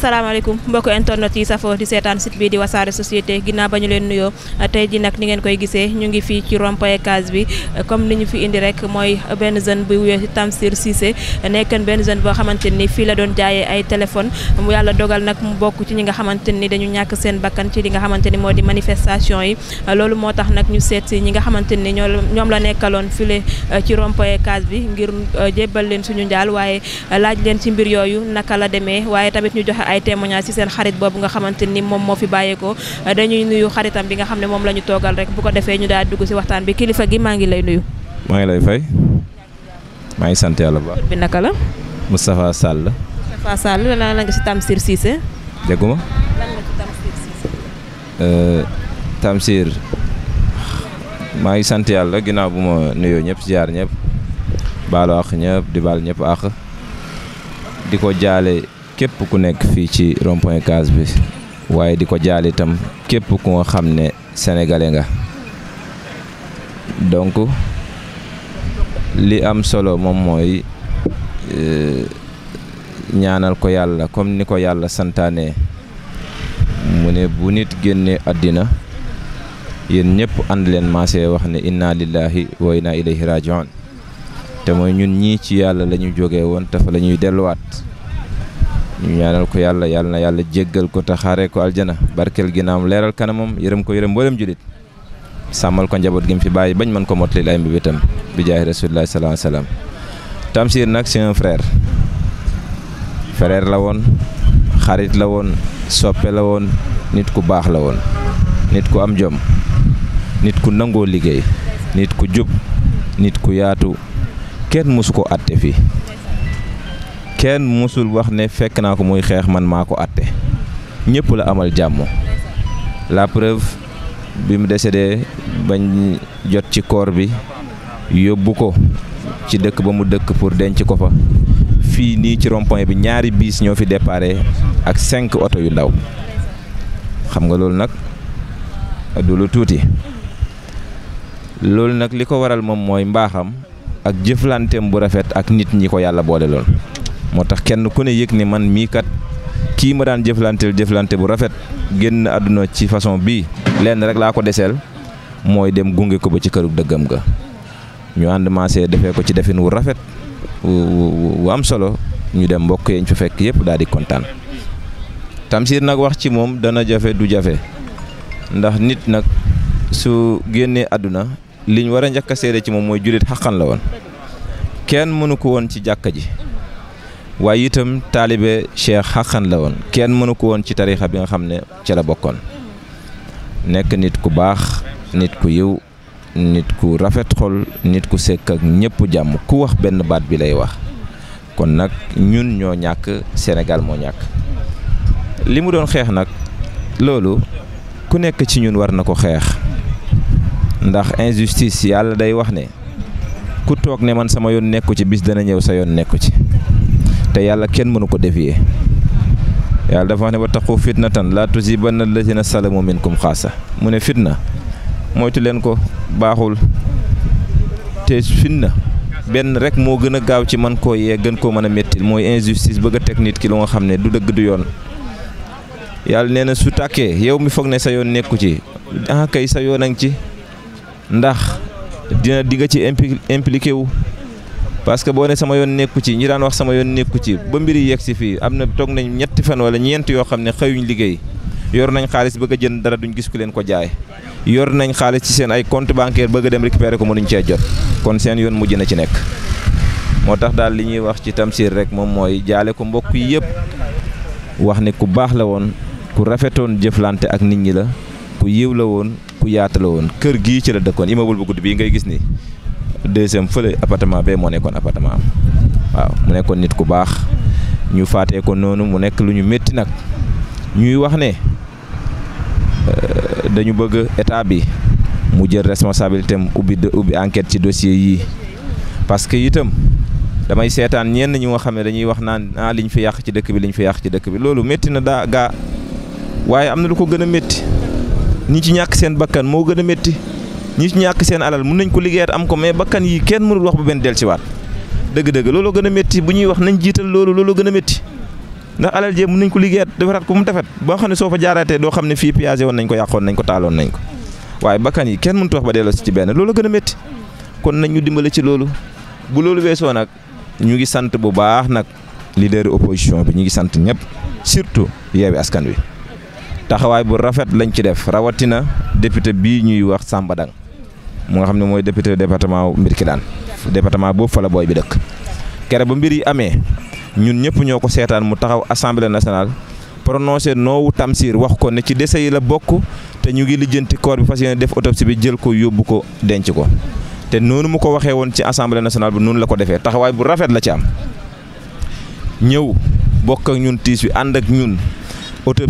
asalaamaaleykum mbokk internet yi safoo di seetaan site bi di wasaare société ginnaaw ba ñu leen nuyoo tey ji nag ni ngeen koy gisee ñu ngi fii ci rond-point case bi comme ni ñu fi indi rek mooy benn jeune bu wuyoo ci Tamsir Cissé nekkoon benn jeune boo xamante ni fii la doon jaaye ay téléphone mu yàlla dogal nag mu bokk ci ñi nga xamante ni dañu ñàkk seen bakkan ci li nga xamante ni moo di manifestation yi loolu moo tax nag ñu seet si ñi nga xamante ni ñoom la nekkaloon file euh, ci rond bi ngir euh, jébbal leen suñu njaal waaye euh, laaj leen ci mbir yooyu naka la demee waaye ay témoignage ci seen xarit boobu nga xamante ni moom moo fi bàyyeekoo dañuy nuyu xaritam bi nga xam ne moom la ñu toogal rek bu ko defee ñu daal dugg ci waxtaan bi kilifa gi maa ngi lay nuyu. maa ngi lay fay. maa ngi sant yàlla bu naka la. Moustapha Sall. Moustapha Sall lan la nga ci Tamsir euh, ngi sant yàlla ginnaaw bu ma nuyoo ñëpp ziar ñëpp baalu àq ñëpp di baal ñëpp àq di ko jaale. képp ku nekk fii ci rond point case bi waaye di ko jaalitam képp ku nga xam ne sénégalais nga donc li am solo moom mooy euh, ñaanal ko yàlla comme ni ko yàlla santaane mu ne bu nit génnee àddina yéen ñëpp ànd leen maasee wax ne inna lillahi wa inna ilayhi rajiun te mooy ñun ñii ci yàlla la ñu woon te fa la ñuy delluwaat ñu ñaanal ko yàlla yàlla na yàlla jéggal ko te xaaree ko aljana barkeel ginnaam leeral kanamam yérem ko yére mboolem julit sàmmal ko njaboot gi mu fi bàyyi bañ mën ko mottali ay mbibitam bi jaay rasulillah salaam salaam Tamsir nag c'est un frère frère la woon xarit la woon soppe la woon nit ku baax la woon nit ku am jom nit ku nangoo liggéey nit ku jub nit ku yaatu kenn mësu ko àtte fii kenn mosul wax ne fekk naa ko muy xeex man maa ko àtte ñëpp la amal jàmm la preuve bi mu décédé bañ jot ci koor bi yóbbu ko ci dëkk ba mu dëkk pour denc ko fa fii nii ci rond bi ñaari biis ñoo fi déparé ak cinq oto yu ndaw xam nga loolu nag a lu tuuti loolu nag li ko waral moom mooy mbaaxam ak jëflanteem bu rafet ak nit ñi ko yàlla boole lool moo tax kenn ku ne yëg ne man mii kat kii ma daan jëflanteel jëflante bu rafet génn àdduna ci façon bii lenn rek laa ko deseel mooy dem gunge ko ba ci këru dëggam ga ñu ànd maasee defee ko ci defin wu rafet wu am solo ñu dem mbokk yañ fa fekk yëpp daal di kontaan Tamsir nag wax ci moom dana jafe du jafe ndax nit nag su génnee àdduna liñ war a njëkk a seede ci moom mooy jullit xaqan la woon kenn mënu ko woon ci jàkka ji waaye itam taalibe Cheikh xàqan la woon kenn mënu ko woon ci tarixa bi nga xam ne ci la bokkoon nekk nit ku baax nit ku yiw nit ku rafet xol nit ku sekk ak ñépp jàmm ku wax benn baat bi lay wax kon nag ñun ñoo ñàkk senegal moo ñàkk li mu doon xeex nag loolu ku nekk ci ñun war na ko xeex ndax injustice yàlla day wax ne ku toog ne man sama yoon nekku ci bis dana ñëw sa yoon nekku ci te yàlla kenn mënu ko dévier yàlla dafa wax ne wa taqu fitnatan laa tusibanna allazina salamu minkum xaasa mu ne fitna moytu leen ko baaxul te fitna benn rek moo gën a gaaw ci man koo yee gën koo mën a méttil mooy injustice bëgg a teg nit ki lu nga xam ne du dëgg du yoon yàlla nee na su tàkkee yow mi foog ne sa yoon nekku ci ah kay sa yoon a ngi ci ndax dina di nga ci impliqué wu parce que boo ne sama yoon nekku ci ñi daan wax sama yoon nekku ci ba mbir yi yegg si fii am na toog nañ ñetti fan wala ñeent yoo xam ne xëyuñ liggéey yor nañ xaalis bëgg a jënd dara duñu gis ku leen ko jaay yor nañ xaalis ci seen ay compte bancaire bëgg a dem récupérer ko mënuñ cee jot kon seen yoon mujj na ci nekk moo tax daal li ñuy wax ci Tamsir rek moom mooy jaale ko mbokk yëpp wax ne ku baax la woon ku rafetoon jëflante ak nit ñi la ku yiw la woon ku yaata woon kër gii ci la dëkkoon immeuble bu gudd bii ngay gis nii deuxième fële appartement bee moo nekkoon appartement am waaw mu nekkoon nit ku baax ñu faatee ko noonu mu nekk lu ñu métti nag ñuy wax ne euh, dañu bëgg état bi mu jël responsabilité am ubbi ubbi enquête ci dossier yi parce que itam damay seetaan ñenn ñu nga xam ne dañuy wax naan ah liñ fi yàq ci dëkk bi liñ fi yàq ci dëkk bi loolu métti na daa gaa waaye am na lu ko gën a métti ñi ci ñàkk seen bakkan moo gën a métti. ñu ci ñàkk seen alal mun nañ ko liggéeyaat am ko mais bakkan yi kenn mënul wax ba benn dellusiwaat dëgg-dëgg loolu gën a métti bu ñuy wax nañ jiital loolu loolu gën a métti ndax alal jee mun nañ ko liggéeyaat defaraat ko mu defet boo xam ne soo fa jaaraatee doo xam ne fii piagé woon nañ ko yàqoon nañ ko taaloon nañ ko waaye bakkan yi kenn mënut wax ba delloo si ci benn loolu gën a métti kon nañ ñu dimbale ci loolu bu loolu weesoo nag ñu ngi sant bu baax nag leader opposition bi ñu ngi sant ñëpp surtout yeewi askan wi taxawaay bu rafet lañ ci def rawatina député bii ñuy wax Samba Dang mu nga xam ne mooy député département Mbirkilane département boobu fala booy bi dëkk kere ba mbir yi amee ñun ñëpp ñoo ko seetaan mu taxaw assemblée nationale prononcé noowu Tamsir wax ko ne ci dese yi la bokk te ñu ngi lijjanti corps bi fas def autopsie bi jël ko yóbbu ko denc ko te noonu mu ko waxee woon ci assemblée nationale bi noonu la ko defee taxawaay bu rafet la ci am ñëw bokk ak ñun tiis wi ànd ak ñun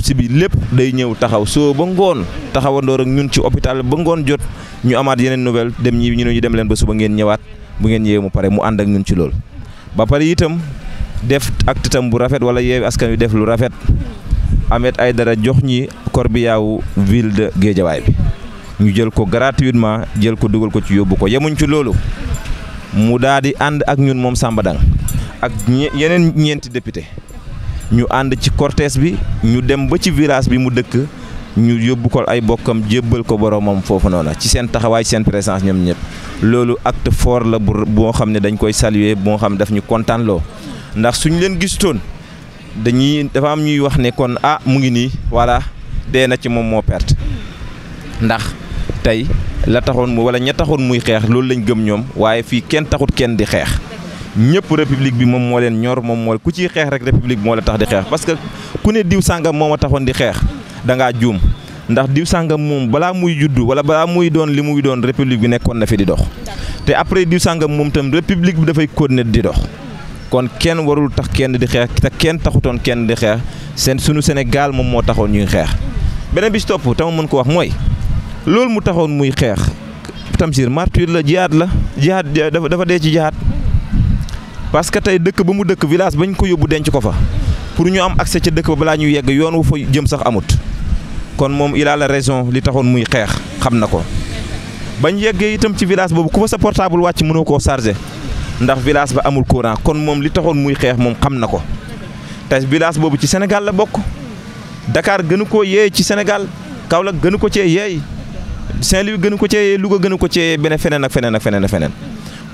si bi lépp day ñëw taxaw soo ba ngoon taxawandoor ak ñun ci hôpital ba ngoon jot ñu amaat yeneen nouvelle dem ñi ñu ne ñu dem leen ba suba ngeen ñëwaat bu ngeen ñëwee mu pare mu ànd ak ñun ci loolu. ba pare itam def ak titam bu rafet wala yeewi askan wi def lu rafet ay dara jox ñi corbillaawu ville de Guédiawaye bi ñu jël ko gratuitement jël ko dugal ko ci yóbbu ko yemuñ ci loolu mu daal di ànd ak ñun moom Samba Dang ak yeneen ñeenti député. ñu ànd ci cortège bi ñu dem ba ci virage bi mu dëkk ñu yóbbu ko ay bokkam jébbal ko boromam foofu noona ci seen taxawaay seen présence ñoom ñëpp loolu acte fort la bu boo xam ne dañ koy saluer boo xam ne daf ñu kontaan loo ndax suñu leen gistoon dañuy dafa am ñuy wax ne kon ah mu ngi nii voilà dee na ci moom moo perte ndax tey la taxoon mu wala ña taxoon muy xeex loolu lañ gëm ñoom waaye fii kenn taxut kenn di xeex. ñëpp république bi moom moo leen ñor moom moo ku ciy xeex rek république moo la tax di xeex parce que ku ne diw sàngam moo ma taxoon di xeex dangaa juum ndax diw sàngam moom balaa muy juddu wala balaa muy doon li muy doon république bi nekkoon na fi di dox te après diw sàngam moom tam république bi dafay continuer di dox kon kenn warul tax kenn di xeex te kenn taxutoon kenn di xeex seen suñu Sénégal moom moo taxoon ñuy xeex beneen bi ci te ma mën ko wax mooy loolu mu taxoon muy xeex Tamsir martyr la jihaad la jihaad dafa dee ci jihaad parce que tey dëkk ba mu dëkk village bañ ko yóbbu denc ko fa pour ñu am accès ca dëkk ba balaa ñuy yegg yoon wu fa jëm sax amut kon moom il a la raison li taxoon muy xeex xam na ko bañ yeggee itam ci village boobu ku fa sa portable wàcc mënoo koo chargé ndax village ba amul courant kon moom li taxoon muy xeex moom xam na ko te village boobu ci Sénégal la bokk dakaar gënu ko yeey ci Sénégal Kaolack gënu ko cee yeey Saint-Louis gënu ko cee yeey Louga gënu ko cee yeey feneen ak feneen ak feneen feneen.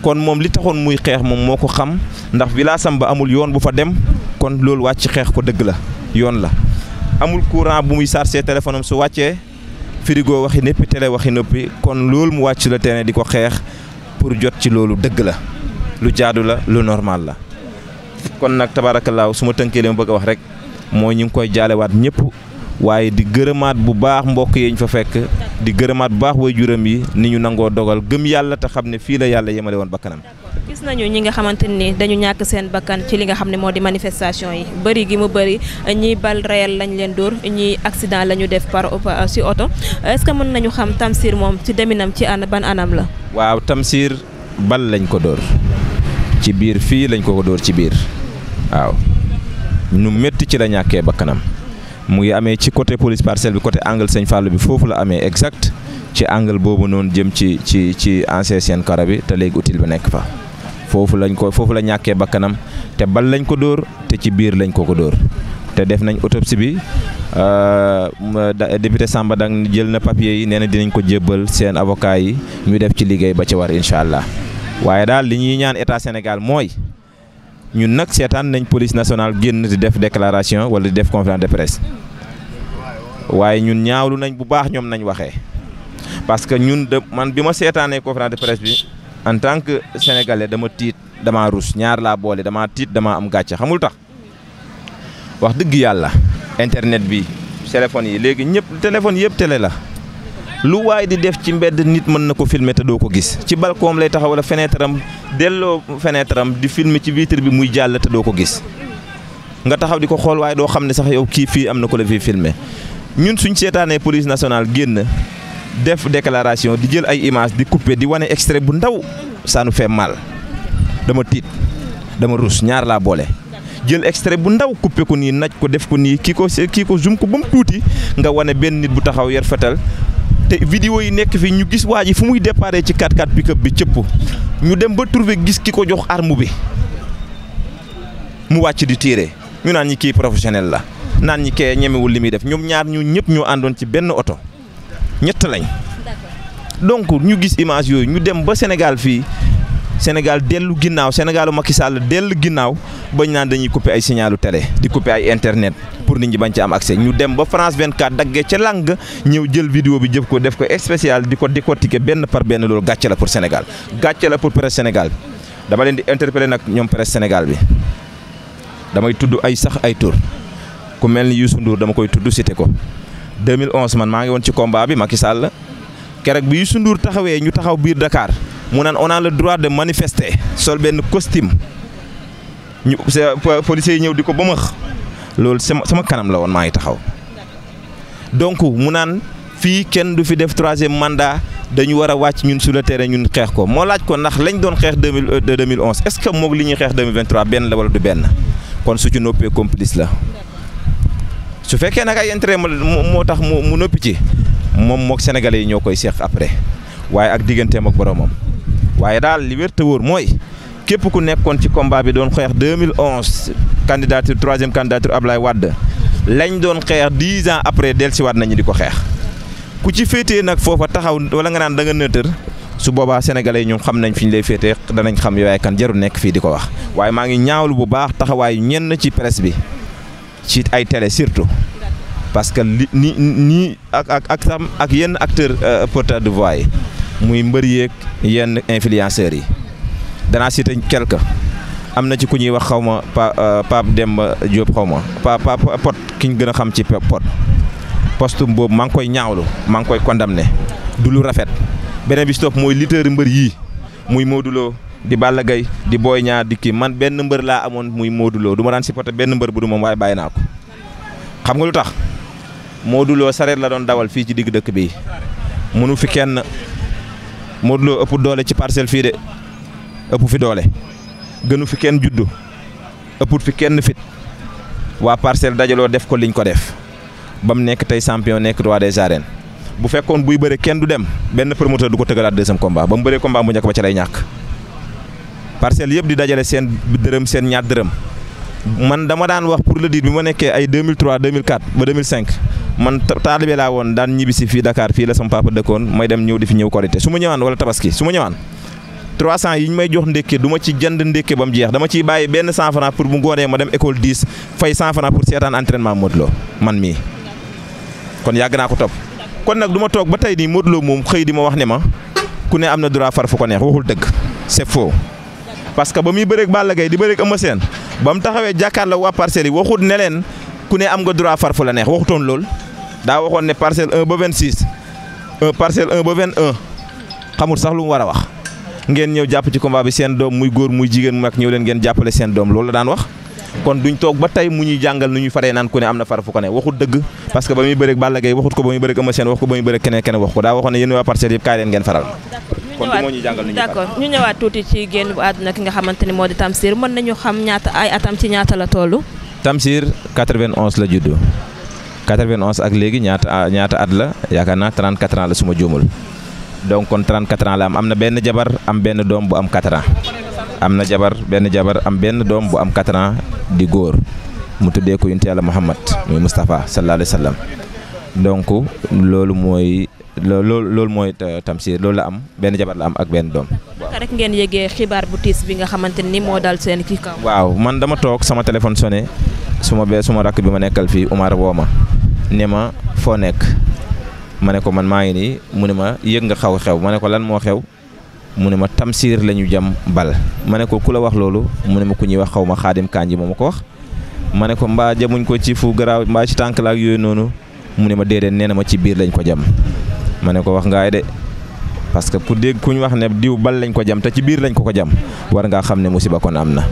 kon moom li taxoon muy xeex moom moo ko xam ndax villaasam ba amul yoon bu fa dem kon loolu wàcc xeex ko dëgg la yoon la amul courant bu muy chargé téléphone am su wàccee frigo waxi néppi télé waxi noppi kon loolu mu wàcc la terrain di ko xeex pour jot ci loolu dëgg la lu jaadu la lu normal la kon nag tabaarakallaahu su ma tënkee li ma bëgg a wax rek moo ñu ngi koy jaalewaat ñëpp waaye di gërëmaat bu baax mbokk yi fa fekk di gërëmaat bu baax waajuram yi ni ñu nangoo dogal gëm yàlla te xam ne fii la yàlla yemale woon bakkanam gis nañu ñi nga xamante ni dañu ñàkk seen bakkan ci li nga xam ne moo di manifestation yi bëri gi mu bëri ñiy bal réel lañ leen dóor ñiy accident la ñu def par euh, si oto est-ce que mën nañu xam Tamsir moom ci deminam ci an ban anam la waaw Tamsir bal lañ ko dóor ci biir fii lañ ko ko dóor ci biir waaw métti ci la ñàkkee bakkanam mu ngi amee ci côté police parcelle bi côté angle Sëñ Fallou bi foofu la amee exact ci angle boobu noonu jëm ci ci ci ancien seen kara bi te léegi utile bi nekk fa foofu lañ ko foofu la ñàkkee bakkanam te bal lañ ko dóor te ci biir lañ ko ko dóor te def nañ autopsie bi euh, député Samba Dang jël na papier yi nee na dinañ ko jëbbal seen avocat yi ñu def ci liggéey ba ci war incha allah waaye daal li ñuy ñaan état Sénégal mooy. ñun nag seetaan nañ police nationale génn di def déclaration wala di def conférence de presse waaye ñun ñaawlu nañ bu baax ñoom nañ waxee parce que ñun de man bi ma seetaanee conférence de presse bi en tant que sénégalais dama tiit dama rus ñaar laa boole damaa tiit damaa am gàcce xamul tax wax dëgg yàlla internet bi téléphone yi léegi ñëpp téléphone yëpp télé la. lu waay di def ci mbedd nit mën na ko filmer te doo ko gis ci balkoom lay taxaw wala fenêtre delloo fenêtre di filmer ci vitre bi muy jàll te doo ko gis nga taxaw di ko xool waaye doo xam ne sax yow kii fii am na ko la fii filmer ñun suñ seetaanee polise nationale génn def déclaration di jël ay image di couper di wane extrait bu ndaw ça nous mal dama tiit dama rus ñaar laa boole jël extre bu ndaw coupé ko nii naj ko def ko nii kii ko kii ko zoom ba mu tuuti nga wane benn nit bu taxaw yar fetal te vidéo yi nekk fii ñu gis waa fu muy déparé ci 4x4 pick bi cëpp ñu dem ba trouver gis ki ko jox arme bi mu wàcc di tiire ñu naan ñi kii professionnel la naan ñi kee ñemewul li muy def ñoom ñaar ñu ñëpp ñoo àndoon ci benn oto ñett lañ donc ñu gis image yooyu ñu dem ba Sénégal fii Sénégal dellu ginnaaw Sénégalu Macky Sall dellu ginnaaw bañ naan dañuy couper ay signalu télé di couper ay internet pour nit ñi bañ ci am accès ñu dem ba France 24 daggee ca lang ñëw jël vidéo bi jëf ko def ko spécial di ko décortiquer benn par benn loolu gàcce la pour Sénégal gàcce la pour presse Sénégal dama leen di interpeller nag ñoom presse Sénégal bi damay tudd ay sax ay tur ku mel ni Youssou Ndour dama koy tudd cité ko 2011 man maa ngi woon ci combat bi Macky Sall keroog bi Youssou Ndour taxawee ñu taxaw biir Dakar. mu naan on a droit de manifester sol benn costume ñu policiers yi ñëw di ko ba bëmaax loolu sama sama kanam la woon maa ngi taxaw donc mu naan fii kenn du fi def troisième mandat dañu war wàcc ñun su le terrain ñun xeex ko moo laaj ko ndax lañ doon xeex deux mille deux mille onze est-ce que moog li ñuy xeex deux benn la wala du benn kon su ci noppee complice la su fekkee nag ay intérêt moo tax mu noppi ci moom moog sénégalais yi ñoo koy seex après waaye ak digganteem ak boromam. waaye daal li wér mooy képp ku nekkoon ci combat bi doon xeex 2011 candidature troisième candidature Ablaye Wade lañ doon xeex dix ans après dellusiwaat nañu di ko xeex ku ci féete nag foofa taxaw wala nga naan da nga nëtër su booba sénégalais yi xam nañ fi ñu lay féetee danañ xam yooyaay kan jaru nekk fii di ko wax waaye maa ngi ñaawlu bu baax taxawaayu ñenn ci presse bi ci ay télé surtout parce que li ni nii ak ak ak sam ak yenn acteur euh, porteur de voix yi muy mbër yeeg yenn influenceurs yi danaa citer quelque am na ci ku ñuy wax xaw ma dem euh, Demba Diop xaw ma pa pot ki ñu gën a xam ci pot postum boobu maa ngi koy ñaawlu maa ngi koy ne du lu rafet beneen bi si topp mooy lutteur mbër yii muy Modou Lo di Balla gay di Boy ñaar di kii man benn mbër laa amoon muy Modou Lo du ma si supporté benn mbër bu du moom waaye bàyyi naa ko xam nga lu tax Modou Lo sareet la doon dawal fii ci digg dëkk bi mënu fi kenn moo duloo ëpp doole ci parcelle fii de ëpp fi doole gënu fi kenn juddu ëpput fi kenn fit waa parcelle dajaloo def ko liñ ko def ba mu nekk tey champion nekk roi des arènes bu fekkoon buy bëre kenn du dem benn promoteur du ko tëgalaat deuxième combat ba mu bëree combat bu njëkk ba ca lay ñàkk. parcelle yëpp di dajale seen dërëm seen ñaat dërëm man dama daan wax pour le dire bi ma nekkee ay 2003 2004 ba 2005. man taalibe laa woon daan ñibbi si fii Dakar fii la sama papa dëkkoon may dem ñëw di fi ñëw korité su ma ñëwaan wala tabaski su ma ñëwaan 300 yi ñu may jox ndékke duma ma ci jënd ndékke ba mu jeex dama ciy bàyyi benn 100 francs pour bu ngoonee ma dem école 10 fay 100 francs pour seetaan entraînement Modou man mii kon yàgg naa ko topp kon nag du ma toog ba tey nii Modou moom xëy di ma wax ne ma ku ne am na droit far fu ko neex waxul dëgg c'est faux parce que ba muy bëreeg Balla di bëreeg Eumeu Sène ba mu taxawee jàkkaarloo waa parcelles yi ne leen ku ne am nga droit far fu la neex waxutoon lool. daa waxoon ne parcelle 1 ba 26 parcelle 1 ba 21 xamul sax lu mu war a wax ngeen ñëw jàpp ci combat bi seen doom muy góor muy jigéen mag ñëw leen ngeen jàppale seen doom loolu la daan wax. kon duñ toog ba tey mu ñuy jàngal nu ñuy faree naan ku ne am na far fu ko ne waxut dëgg parce que ba muy bëreeg Balla Gaye waxut ko ba muy bëreeg Eumeu Sène wax ko ba muy bëreeg keneen keneen wax ko daa waxoon ne yéen waa parcelle yëpp kaay leen ngeen faral. kon du moo ñuy jàngal d' accord ñu ñëwaat tuuti ci génn bu àdduna ki nga xamante ni moo di Tamsir mën nañu xam ñaata ay atam ci ñaata la toll. Tamsir 91 la juddoo 91 ak léegi ñaata ah, ñaata at la yaakaar naa 34 ans la suma juumul donc kon 34 ans la am am na benn jabar am benn doom bu am 4 am na jabar benn jabar am benn doom bu am 4 di góor mu tuddee ko yonent Yàlla Muhammad muy Moustapha sallallahu alayhi wa sallam donc loolu mooy loolu loolu mooy Tamsir loolu la am benn jabar la am ak benn doom. waaw rek ngeen yëgee xibaar bu tiis bi nga xamante ni moo dal seen kii kaw. waaw man dama toog sama téléphone sonné su ma bee suma rakk bi ma nekkal fii Umar woo ma ne ma foo nekk ma ne ko man maa ngi nii mu ne ma yëg nga xaw xew ma ne ko lan moo xew mu ne ma Tamsir la ñu jam bal ma ne ko ku la wax loolu mu ne ma ku ñuy wax xaw ma xaadim kanji moom ma ko wax ma ne ko mbaa jamuñ ko ci fu garaaw mbaa ci tànk la ak yooyu noonu. mu ne ma déedéet nee na ma ci biir lañ ko jam ma ne ko wax ngaay de parce que pour dégg ku ñu wax ne diw bal lañ ko jam te ci biir lañ ko ko jam war ngaa xam ne musiba kon am na.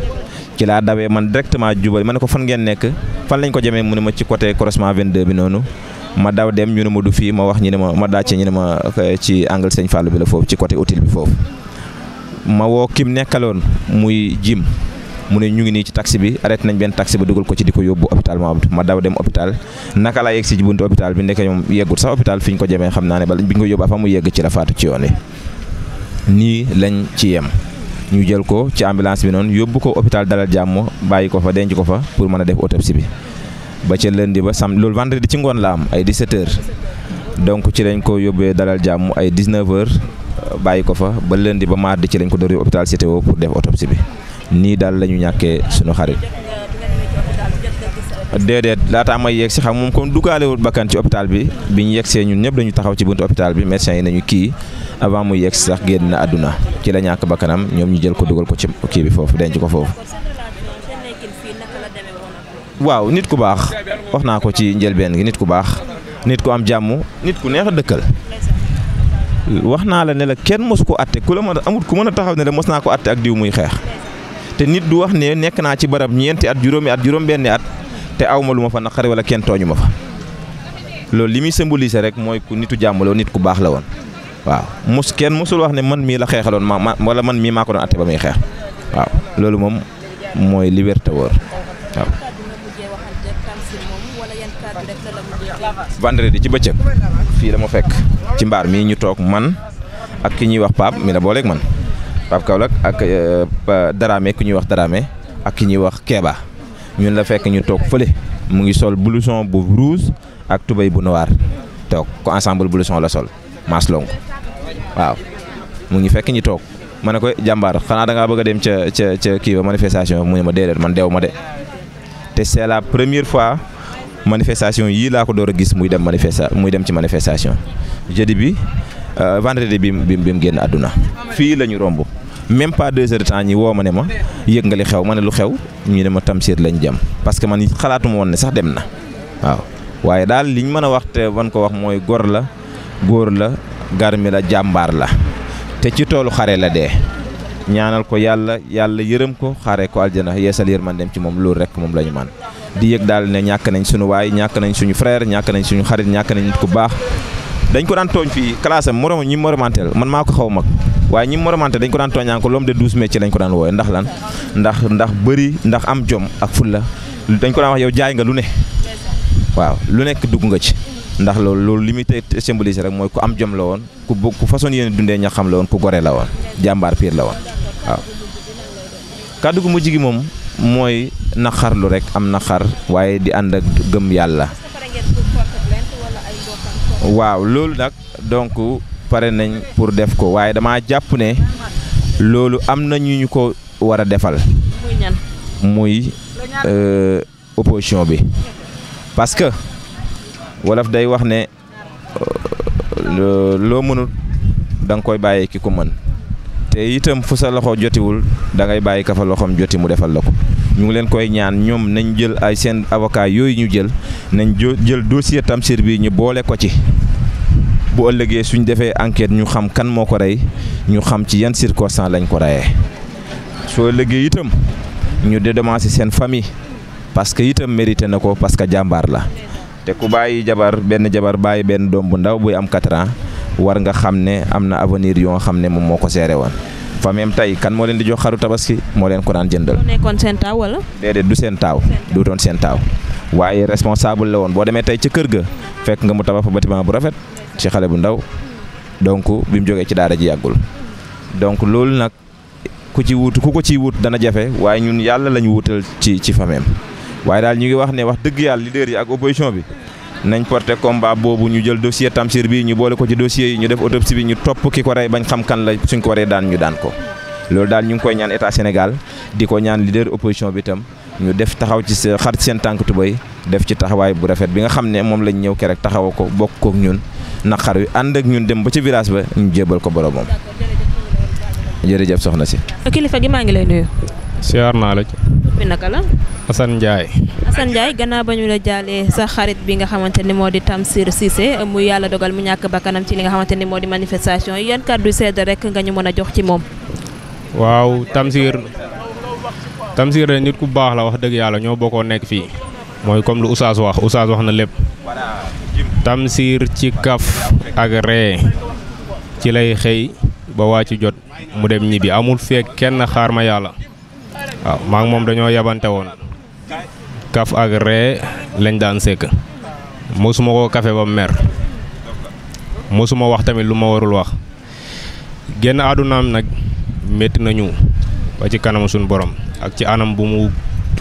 ci dawee man directement jubal ma ne ko fan ngeen nekk fan lañ ko jamee mu ne ma ci côté croisement 22 bi noonu ma daw dem ñu ne ma du fii ma wax ñu ne ma ma dàccee ñu ne ma ci angle Sëñ Fallou bi la foofu ci côté hôtel bi foofu ma woo kim nekkaloon muy jim. mu ne ñu ngi nii ci taxi bi arrêté nañ benn taxi ba dugal ko ci di ko yóbbu hôpital Mame Abdou ma daw dem hôpital naka laa yegg si ci buntu hôpital bi nekk ñoom yeggut sax hôpital fi ñu ko jëmee xam naa ne bala bi ñu ko yóbbu afa mu yegg ci la faatu ci yoon wi nii lañ ci yem ñu jël ko ci ambulance bi noonu yóbbu ko hôpital Dalal Jàmm bàyyi ko fa denc ko fa pour mën a def autopsie bi ba ca lundi ba sam loolu vendredi ci ngoon laam ay 17 donc ci lañ ko yóbbee Dalal Jàmm ay 19 bàyyi ko fa ba lundi ba mardi ci lañ ko dóor hôpital Cité pour def autopsie bi nii daal la ñu ñàkkee sunu xarit déedéet laataa may yegg si xam moom kon dugaalewul bakkan ci hôpital bi bi ñu yegsee ñun ñëpp dañu taxaw ci buntu hôpital bi médecin yi nañu kii avant mu yegg si sax génn na àdduna ci la ñàkk bakkanam ñoom ñu jël ko dugal ko ci kii bi foofu denc ko foofu waaw nit ku baax wax naa ko ci njëlbeen gi nit ku baax nit ku am jàmm nit ku neex a dëkkal wax naa la ne la kenn mosu ko atte ku la mën a amut ku mën a taxaw ne la mos naa ko atte ak diw muy xeex te nit du wax ne nekk naa ci barab ñeenti at juróomi at juróom-benni at te awma lu ma fa naqari wala kenn tooñu fa loolu li muy symbolisé rek mooy ku nitu jàmm nit ku baax la woon waaw mos kenn mosul wax ne man mii la xeexaloon ma ma wala man mii maa ko doon atte ba muy xeex waaw loolu moom mooy liberté wóor waaw. vendredi ci bëccëg fii la ma fekk ci mbaar mii ñu toog man ak ki ñuy wax Pape mi la booleeg man. Pape Kaolack ak euh, Darame ku ñuy wax Darame ak ki ñuy wax keeba ñun la fekk ñu toog fële mu ngi sol blouson bu rouge ak tubéy bu noir toog ko ensemble blouson la sol maas waaw mu ngi fekk ñu toog ma ne ko jàmbaar xanaa da ngaa bëgg a dem ca ca ca kii ba manifestation mu ma déedéet man deew ma de te c'est la première fois manifestation yii laa ko door a gis muy dem manifesta muy dem ci manifestation jeudi bi. Euh, vendredi bi mu bi mu génn àdduna fii la ñu romb même pas deux heures de ñi woo ma ne ma yëg nga li xew ma ne lu xew ñu ne ma Tamsir lañu jëm parce que man xalaatuma woon ne sax dem na waaw waaye daal liñ mën a wax te wan ko wax mooy gor la góor la garmi la jàmbaar la te ci toolu xare la dee ñaanal ko yàlla yàlla yërëm ko xare ko aljana yeesal man dem ci moom loolu rekk moom la ñu man di yëg daal ne ñàkk nañ suñu waay ñàkk nañ suñu frère ñàkk nañ suñu xarit ñàkk nañ nit baax dañ ko daan tooñ fii classe am morom ñi man maa ko xaw mag waaye ñi moromante dañ ko daan tooñ naan ko l'homme de douze métiers lañ ko daan wooye ndax lan ndax ndax bëri ndax am jom ak la dañ ko daan wax yow jaay nga lu ne waaw lu nekk dugg nga ci ndax loolu loolu li muy symbolisé rek mooy ku am jom la woon ku bëgg ku façon yéen dundee ña xam la woon ku gore la woon jàmbaar piir la woon waaw kàddu gu mujj gi moom mooy naqarlu rek am naqar waaye di ànd ak gëm yàlla waaw loolu nag donc pare nañ pour def ko waaye dama jàpp ne loolu am na ñu ñu ko war a defal muy euh, opposition bi parce que wolof day wax ne euh, loo mënul danga koy bàyyi ki ko mën te itam fu sa loxo jotiwul da ngay bàyyi ka fa loxoom joti mu defal la ko ñu ngi leen koy ñaan ñoom nañ jël ay seen avocat yooyu ñu jël nañ jël dossier Tamsir bii ñu boole ko ci bu ëllëgee suñ defee enquête ñu xam kan moo ko rey ñu xam ci yan circonstance lañ ko reyee soo ëllëgee itam ñu dédommagé seen famille parce que itam mérité na ko parce que jàmbaar la te ku bàyyi jabar benn jabar bàyyi benn doom bu ndaw buy am 4 ans war nga xam ne am na avenir yoo xam ne moom moo ko seere woon famille am tey kan moo leen di jox xaru tabaski moo leen ko daan jëndal. moo nekkoon seen taaw wala. déedéet du seen taaw. du doon seen taaw waaye responsable la woon boo demee tey ci kër ga fekk nga mu tabax fa bâtiment bu rafet ci xale bu ndaw donc bi mu jógee ci daara ji yàggul donc loolu nag ku ci wut ku ko ciy wut dana jafe waaye ñun yàlla lañu wutal ci ci famille am waaye daal ñu ngi wax ne wax dëgg yàlla leader yi ak opposition bi. nañ porté combat boobu ñu jël dossier Tamsir bi ñu boole ko ci dossier yi ñu def autopsie bi ñu topp ki ko rey bañ xam kan la suñ ko waree daan ñu daan ko loolu daal ñu ngi koy ñaan état Sénégal di ko ñaan leader opposition bi tam ñu def taxaw ci seen xar seen tànk tubay def ci taxawaay bu rafet bi nga xam ne moom lañ ñëw kerek taxaw ko bokk kook ñun naqar wi ànd ak ñun dem ba ci village ba ñu jébbal ko boromam. jërëjëf soxna si. kilifa gi maa ngi lay nuyu. siyaar naa la. naka la. Assane Ndiaye. Assane Ndiaye gannaaw ba ñu la jaalee sa xarit bi nga xamante ni moo di Tamsir Cissé mu yàlla dogal mu ñàkk bakkanam ci li nga xamante ni moo di manifestation yi yan kàddu sedd rek nga ñu mën a jox ci moom. waaw Tamsir Tamsir de ku baax la wax dëgg yàlla ñoo bokkoo nekk fii mooy comme lu Oustaz wax Oustaz wax na lépp. Tamsir ci kaf ak ree ci lay xëy ba waa ci jot mu dem ñibbi amul feek kenn xaar ma yàlla waaw maa moom dañoo yabante woon. kaf ak ree lañ daan sekk mosuma koo kafe ba mer mosuma wax tamit lu ma warul wax génn àddunaam nag metti nañu ba ci kanam suñu borom ak ci anam bu mu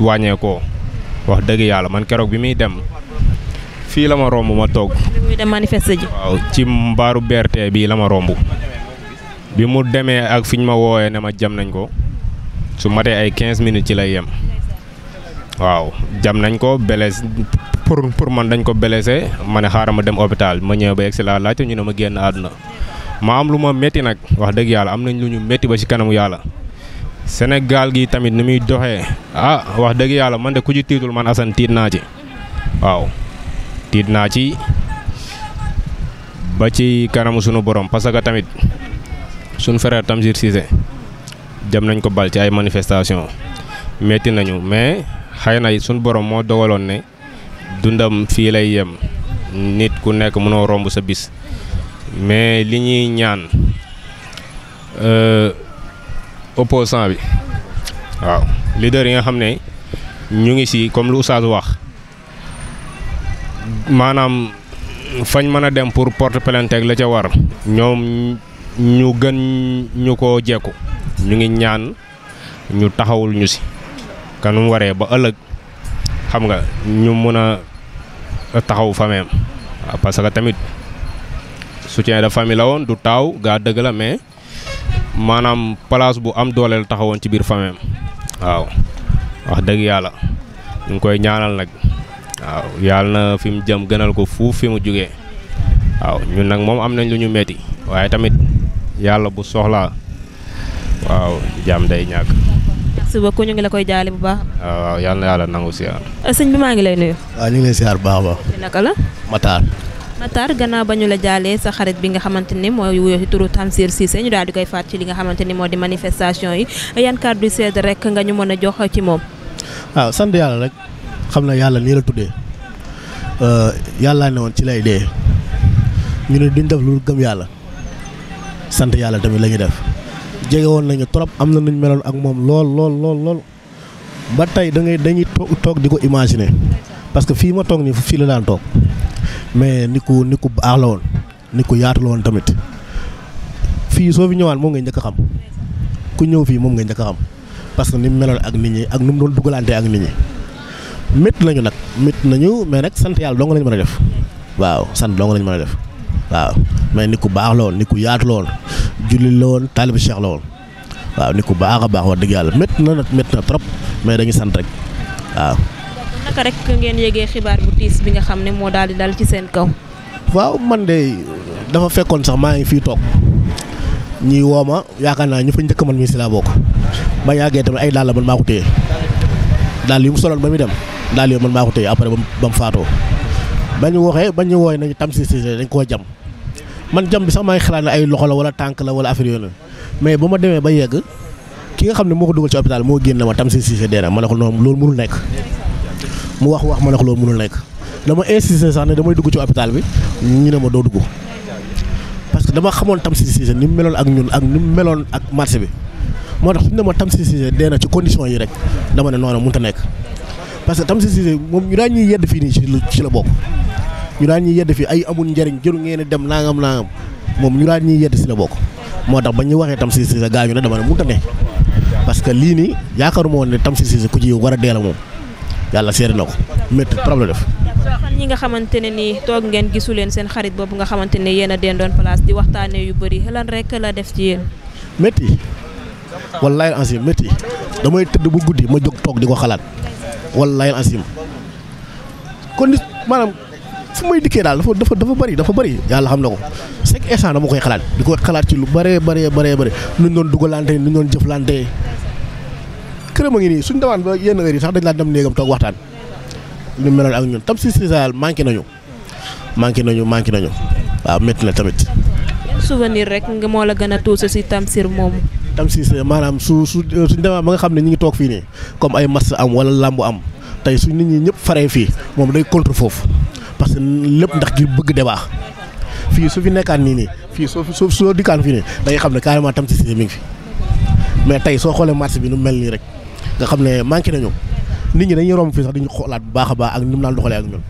wàññeekoo wax dëgg yàlla man keroog bi muy dem fii la ma romb ma toog. ci mbaaru berte bii la ma romb. bi mu demee ak fi ma woowee ne ma jam nañ ko su matee ay 15 minutes ci lay yem. waaw jam nañ ko blessé pour pour man dañ ko blessé ma ne xaaral ma dem hôpital ma ñëw ba egg laa laajte ñu ne ma génn àdduna ma am lu ma métti nag wax dëgg yàlla am nañ lu ñu métti ba ci kanamu yàlla. Sénégal gi tamit ni muy doxee ah wax dëgg yàlla man de ku ci tiitul man Assane tiit naa ci waaw tiit naa ci ba ci kanamu sunu borom parce que tamit sunu frère Tamsir Cissé dem nañ ko bal ci ay manifestation metti nañu mais. xëy na suñu borom moo dogaloon ne dundam fii lay yem nit ku nekk mënoo romb sa bis mais li ñuy ñaan euh, opposant bi waaw leader yi nga xam ne ñu ngi si comme lu Oustaz wax maanaam fañ mën a dem pour porte pelanteek la ca war ñoom ñu gën ñu ko jekku ñu ngi ñaan ñu taxawul ñu si kan nu mu waree ba ëllëg xam nga ñu mun a taxaw fameem waaw ah, parce que tamit soutien de famille la woon du taaw gaa dëgg la mais maanaam place bu am dooleel taxawoon ci biir fameem waaw wax dëgg yàlla ñu ngi koy ñaanal nag waaw yàlla na fi mu jëm gënal ko fuuf fi mu jugee waaw ñun nag moom am nañ lu ñu metti waaye tamit yàlla bu soxlaa waaw jàmm day ñàkk merci beaucoup ñu ngi la koy jaale bu baax. waaw yal na yàlla nangu siyaar. Euh, sëñ maa ngi lay nuyu. waaw ñu ngi lay naka la. Matar. Matar gannaaw ba ñu la jaalee sa xarit bi nga xamante ni mooy wuyoo ci turu Tamsir daal di koy faat ci li nga xamante ni moo di manifestation yi yan kàddu sedd rek nga ñu mën a jox ci moom. waaw ah, sant yàlla rek xam na yàlla nii la tuddee euh, yàllaa ne woon ci lay dee ñu ne duñ def lu gëm yàlla sant yàlla tamit la def. jege woon nañu trop am na nuñ meloon ak moom lool lool lool lool ba tey da ngay dañuy toog di ko imaginer parce que fii ma toog nii fu fii la daan toog mais ni ku ni ku baax la woon ni ku yaatu tamit fii soo fi ñëwaan moom ngay njëkk a xam ku ñëw fii moom ngay njëkk a xam parce que ni mu meloon ak nit ñi ak nu mu doon dugalante ak nit ñi métti nañu nag métti nañu mais nag sant yàlla dong lañ mën a def waaw sant dong lañ mën a def waaw mais ni ku baax la woon ni ku yaatu la woon jullit la woon taalibu Cheikh la woon waaw nit ku baax a baax wax dëgg yàlla métti na nag métti na trop mais dañuy sant rek waaw. naka rek ngeen yëgee xibaar bu tiis bi nga xam ne moo daal di dal ci seen kaw. waaw man de dafa fekkoon sax maa ngi fi toog ñi woo ma yaakaar naa ñu fa njëkk man mii si laa bokk ba yàggee tamit ay daal la man maa ko daal yu mu soloon ba muy dem daal yooyu man maa ko après ba mu faatoo ba ñu waxee ba ñu wooyee nañu tam si dañ koo jam. man jam bi sax maa ngi xalaat ay loxo la wala tànk la wala affaire la mais ba ma demee ba yegg ki nga xam ne moo ko dugal ci hôpital moo génn ma Tamsir Cissé dee na ko noonu loolu mënul nekk mu wax wax ma ne ko mënul nekk dama insisté sax damay dugg ci hôpital bi ñu ne ma doo dugg parce que dama xamoon Tamsir Cissé ni mu meloon ak ñun ak ni mu meloon ak marché bi moo tax suñu ne ma Tamsir Cissé dee na ci condition yi rek dama ne noonu mun a nekk parce que Tamsir Cissé moom ñu daan ñuy yedd fii nii ci la bokk. ñu daan ñuy yedd fi ay amul njëriñ jëru ngeen dem nangam nangam moom ñu daan ñuy yedd si la bokk moo tax ba ñu waxee tam si si sa gaañu na dama ne mënta ne parce que lii nii yaakaaruma woon ne tam si si ku ci war a dee la moom yàlla seeri na ko métti trop la def. fan ñi nga xamante ne nii toog ngeen gisu leen seen xarit boobu nga xamante ne yéen a deen doon place di waxtaanee yu bëri lan rek la def ci yéen. métti wallaahi asim métti damay tëdd bu guddi ma jóg toog di ko xalaat wallaahi asim fu may dikkee daal dafa dafa dafa bëri dafa bari yàlla xam na ko chaque instant dama koy xalaat di ko xalaat ci lu bëree bëree bëree bëri nu ñu doon dugalante nu ñu doon jëflante këram a ngi nii suñ demaan ba yenn heure yi sax dañ laa dem néegam toog waxtaan ñu meloon ak ñun tam si Sénégal manqué nañu manqué nañu manqué nañu waaw métti na tamit. souvenir rek nga moo la gën a tuus si Tamsir moomu. Tamsir maanaam su su suñ demaan ba nga xam ne ñu ngi toog fii nii comme ay match am wala làmb am. tey su nit ñi ñëpp faree fii moom day contre foofu parce que lépp ndax gi bëgg débat fii su fi nekkaat nii nii fii soo soo soo dikkaan fii nii da xam ne carrément Tamsir Cissé mi ngi fi mais tey soo xoolee marché bi nu mel nii rek nga xam ne manqué nañu nit ñi dañuy romb fii sax dañu xoolaat bu baax a baax ak ni mu naan doxalee ak ñun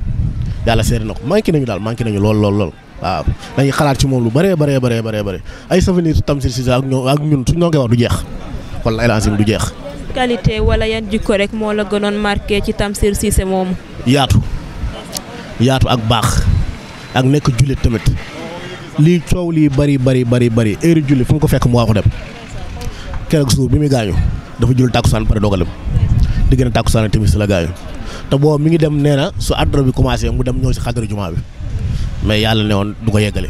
yàlla seeri na ko manqué nañu daal manqué nañu lool lool lool waaw dañuy xalaat ci moom lu bëree bare bëree bëree bëri ay souvenir Tamsir Cissé ak ñoom ak ñun suñ noo koy wax du jeex wala ay jeex qualité wala yan jikko rek moo la gënoon marqué ci Tamsir Cissé moomu. yaatu yaatu ak baax ak nekk jullit tamit lii coow lii bari bari bari bari heure julli fu mu ko fekk mu waaxu dem keroog suuf bi muy gaañu dafa jul tàkkusaan pare doog a dem diggante tàkkusaan tamit si la gaañu te boobu mi ngi dem nee na su àdduna bi commencé mu dem ñëw si xadaru jumaa bi mais yàlla ne woon du ko yeggale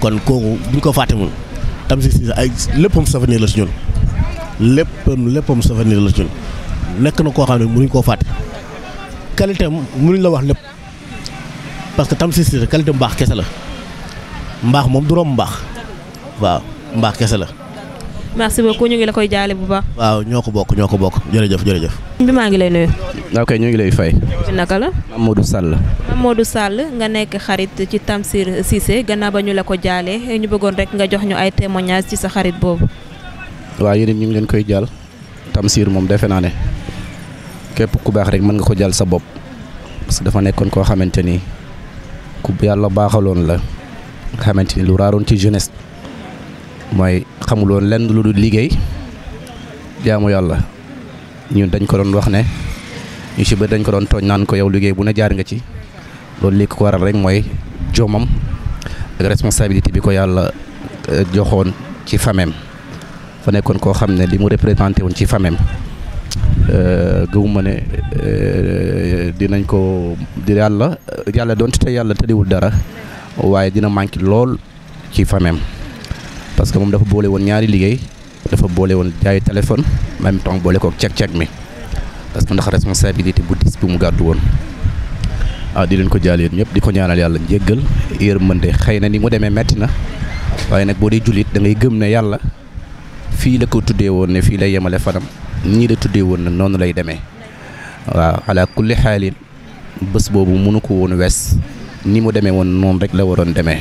kon kooku bu ñu ko fàtte moom Tamsir Cissé ay léppam souvenir la si ñun. léppam léppam souvenir la ci nekk na koo xam ne mënuñ koo fàtte qualité am la wax lépp parce que Tamsir Cissé qualité mbaax kese la mbaax moom du romb mbaax waaw mbaax kese la. merci beaucoup ñu ngi la koy jaale bu baax. waaw ñoo ko bokk ñoo ko bokk jërëjëf jërëjëf. maa ngi lay nuyu. ok ñu ngi lay fay. naka la. Mamadou Sall. Mamadou Sall nga ci Tamsir Cissé gannaaw ba ñu la ko jaalee ñu bëggoon rek nga jox ñu ay témoignages ci sa xarit boobu. waa yéen ñu ngi leen koy jàll Tamsir moom defe naa ne képp ku baax rek mën nga ko jàll sa bopp parce que dafa nekkoon koo xamante ni ku yàlla baaxaloon la nga ni lu raaroon ci jeunesse mooy xamuloon lenn lu dul liggéey jaamu yàlla ñun dañ ko doon wax ne ñu ci ba dañ ko doon tooñ naan ko yow liggéey bu ne jaar nga ci loolu li ko waral rek mooy jomam ak responsabilité bi ko yàlla eh, joxoon ci famem fa nekkoon koo xam ne li mu représenté woon ci famem euh, gëwuma ne euh, dinañ ko di yàlla yàlla doonte te yàlla tëddiwul dara waaye dina manqué lool ci famem parce que moom dafa boole woon ñaari liggéey dafa boole woon jaay téléphone même temps boole kook ceg-ceg mi parce que ndax responsabilité bu dis bi mu gàddu woon ah di leen ko jaal yéen ñëpp di ko ñaanal yàlla njéggal yërmande xëy na ni mu demee metti na waaye nag boo dee jullit da gëm ne yàlla fii la ko tuddee woon ne fii lay yemale fanam ñii la tuddee woon ne noonu lay demee waaw ala kulli xaalin bés boobu mënu ko woon wees ni mu demee woon noonu rek la waroon demee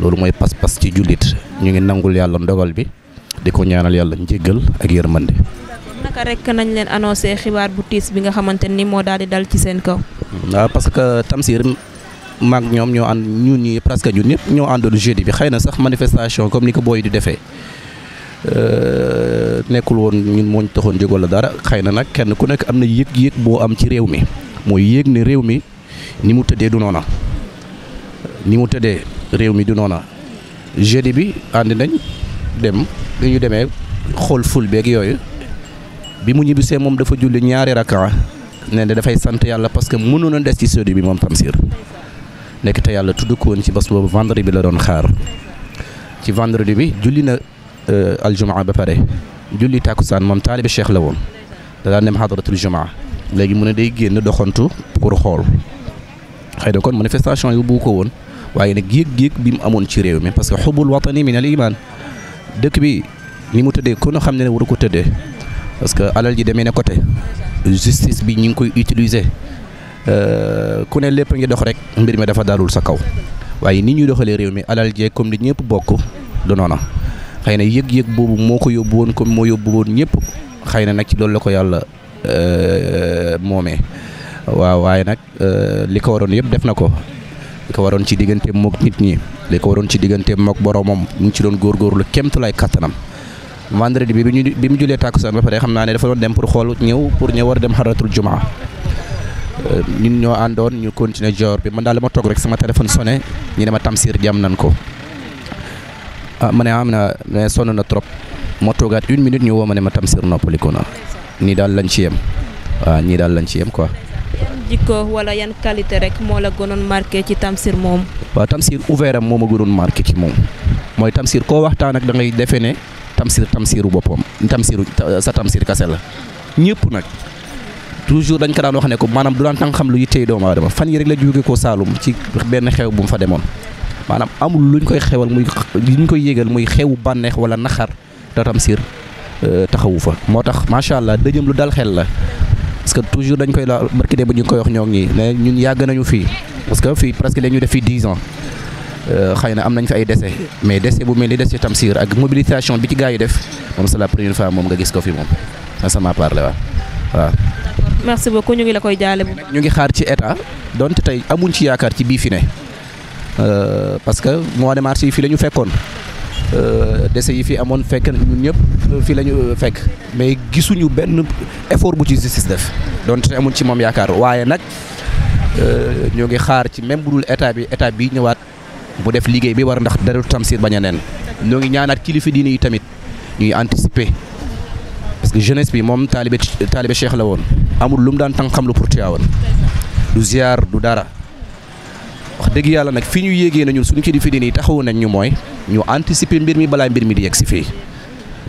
loolu mooy pas-pas ci jullit ñu ngi nangul yàlla ndogal bi di ko ñaanal yàlla njéggal ak yërmande. naka rek nañ leen annoncé xibaar bu tiis bi nga xamante ni moo daal di dal ci seen kaw. waaw parce que Tamsir maag ñoom ñoo ànd ñun ñii presque ñun ñëpp ñoo àndoon jeudi bi xëy na sax manifestation comme ni ko booy di defee. Euh, nekkul woon ñun mooñ taxoon jóg wala dara xëy na nag kenn ku nekk am na yëg-yëg boo am ci réew mi mooy yéeg ne réew mi ni mu tëddee du noona ni mu tëddee réew mi du noona jeudi bi ànd nañ dem li ñu demee xool ful beeg yooyu bi mu ñibbisee moom dafa julli ñaari rakka nee na dafay sant yàlla parce que mënoon a des ci jeudi bi moom Tamsir nekk te yàlla tudd ko woon ci bés boobu vendredi bi la doon xaar ci vendredi bi julli na. al euh, aljumaa ba pare julli tàkkusaan moom taalibe cheikh la woon da daan dem xadaratul jumaa léegi mun na day génn doxantu pour xool xëy na kon manifestation yu bu ko woon waaye nag yëg-yëg bi mu amoon ci réew mi parce que xubul watani min al maan dëkk bi ni mu tëddee kon xam ne ne waru ko tëddee parce que alal ji demee ne côté justice bi ñu ngi koy utiliser euh, ku ne lépp ngi dox rek mbir mi dafa dalul sa kaw waaye ni ñuy doxalee réew mi alal jee comme li ñëpp bokk du xëy na yëg-yëg boobu moo ko yóbbu woon comme moo yóbbu woon ñëpp xëy na nag ci loolu la ko yàlla euh, moomee waaw waaye nag euh, li ko waroon yëpp def na ko li ko waroon ci diggante mook nit ñi li ko waroon ci diggante mook boromam mu ngi ci doon góorgóorlu kéemtulaay kattanam vendredi bi bi ñu bi mu julee tàkkusaan ba pare xam naa ne dafa doon dem pour xool ñëw pour ñëw war dem xaratul jumaa euh, ñun ñoo àndoon ñu continuer joor bi man daal la ma toog rek sama téléphone sonné ñu ne ma Tamsir jam nan ko ah ma ne am na ne sonn na trop ma toogaat une minute ñu woo ma ne ma Tamsir noppaliku na nii daal lañ ci yem waaw ah, nii daal lañ ci yem quoi. yan jikko wala yan qualité rek moo la gënoon marqué ci Tamsir moom. waaw Tamsir ouvert am moo ma gënoon marqué moom mooy Tamsir ko waxtaan ak da ngay defe ne Tamsir Tamsiru boppam Tamsiru sa Tamsir kase la ñëpp nag. toujours dañ ko daan wax ne ko maanaam du daan tàng xam lu yittee doomu aadama fan yi rek la jóge ko Saalum ci benn xew bu mu fa demoon maanaam amul luñ koy xewal muy luñ koy yégal muy xewu bànneex wala naxar te Tamsir euh, taxawu fa moo tax macha allah dëjëm lu dal xel la parce que toujours dañ koy la barki démb ñu ngi koy wax ñoo ngi ne ñun yàgg nañu fii parce que fii presque dañuy def fii 10 ans euh, xëy na am nañ fi ay décès mais décès bu mel ni décès Tamsir ak mobilisation bi ci gars yi def moom la première fois moom nga gis ko fi moom sama parle waaw waaw. merci beaucoup ñu ngi la koy jaale bu ñu ngi xaar ci état donte tey amul ci yaakaar ci bii fi ne. Euh, parce que mois de mars yi fii la ñu fekkoon euh, dese yi fi amoon fekk ñun ñëpp euh, fii la ñu fekk mais gisuñu benn effort bu ci justice def donte amuñ ci moom yaakaar waaye nag ñoo ngi xaar ci même bu dul état bi état bi ñëwaat bu def liggéey bi war ndax dara Tamsir baña neen ñoo ngi ñaanaat kilifa diine yi tamit ñuy anticiper parce que jeunesse bi moom taalibe taalibe Cheikh la woon amul lu mu daan tànqamlu pour Tivaouane du ziar du dara. dëgg yàlla nag fi ñu yéegee nañu ñun suñu ci di fi nii taxawu nañ ñu mooy ñu anticiper mbir mi balaa mbir mi di yegg si fii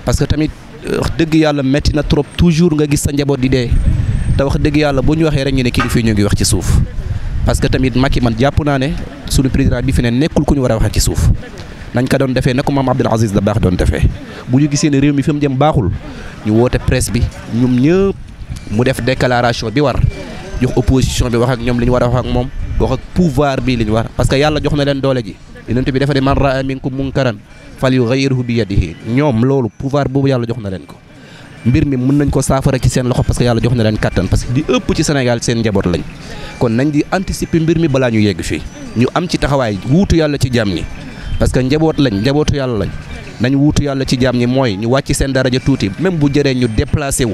parce que tamit euh, wax dëgg yàlla métti na trop toujours nga gis sa njaboot di dee te wax dëgg yàlla bu ñu waxee rek ñu ne kilifa yi ñu ngi wax ci suuf parce que tamit Macky man jàpp naa ne suñu président bi fi ne nekkul ku ñu war a waxee ci suuf nañ ko doon defee na ko maam Abdoul Aziz da baax doon defee bu ñu gisee ne réew mi fi mu jëm baaxul ñu woote bi ñoom ñëpp mu def déclaration bi war jox opposition bi wax ak ñoom li ñu war a wax ak moom wax ak pouvoir bii li ñu war parce que yàlla jox na leen doole ji yonent bi dafa ne man raa minkum munkaran fal yughayyirhu bi yadihi ñoom loolu pouvoir boobu yàlla jox na leen ko mbir mi mun nañ ko saafara ci seen loxo parce que yàlla jox na leen kattan parce que di ëpp ci Sénégal seen njaboot lañ kon nañ di anticiper mbir mi balaa ñu yegg fii ñu am ci taxawaay wuutu yàlla ci jàmm ñi parce que njaboot lañ njabootu yàlla lañ nañ wuutu yàlla ci jàmm ñi mooy ñu wàcc seen daraja tuuti même bu jëree ñu déplacé wu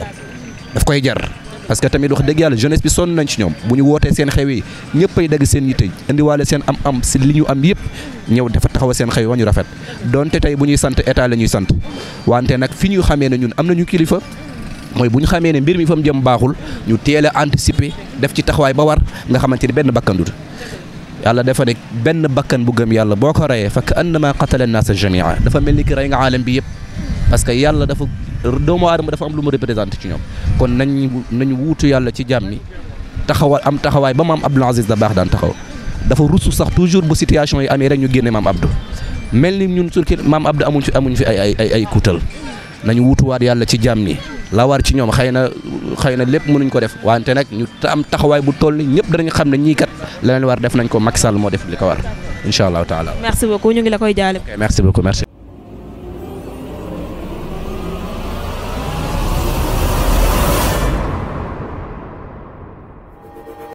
daf koy jar parce que tamit wax dëgg yàlla jeunesse bi sonn nañ ci ñoom bu ñu wootee seen xew yi ñëpp ay dagg seen yitte indiwaale seen am-am si li ñu am yëpp ñëw dafa taxaw seen xew yi ñu rafet donte tey bu ñuy sant état la ñuy sant wante nag fi ñuy xamee ne ñun am nañu kilifa. mooy bu ñu xamee ne mbir mi fa mu jëm baaxul ñu teel a anticiper def ci taxawaay ba war nga xamante ni benn bakkandut yàlla dafa ne benn bakkan bu gëm yàlla boo ko reyee fakk annama qatala naasa jamia dafa mel ni ki rey nga aalam bi yëpp parce que yàlla dafa doomu aadama dafa am lu mu représenté ci ñoom kon nañ nañu wuutu yàlla ci jàmm mi taxawal am taxawaay ba maam Abdoul Aziz da baax daan taxaw dafa rusu sax toujours bu situation yi amee rek ñu génne mel ni ñun surki maam Abdou amuñ fi fi ay ay ay kuutal nañu wuutuwaat yàlla ci jàmm la war ci ñoom xëy na xëy na lépp mënuñ ko def wante nag ñu am taxawaay bu toll ni ñëpp danañ xam ne ñii kat la leen war def nañ ko Macky Sall moo def li ko war incha taala. merci beaucoup ñu ngi koy jaale. merci beaucoup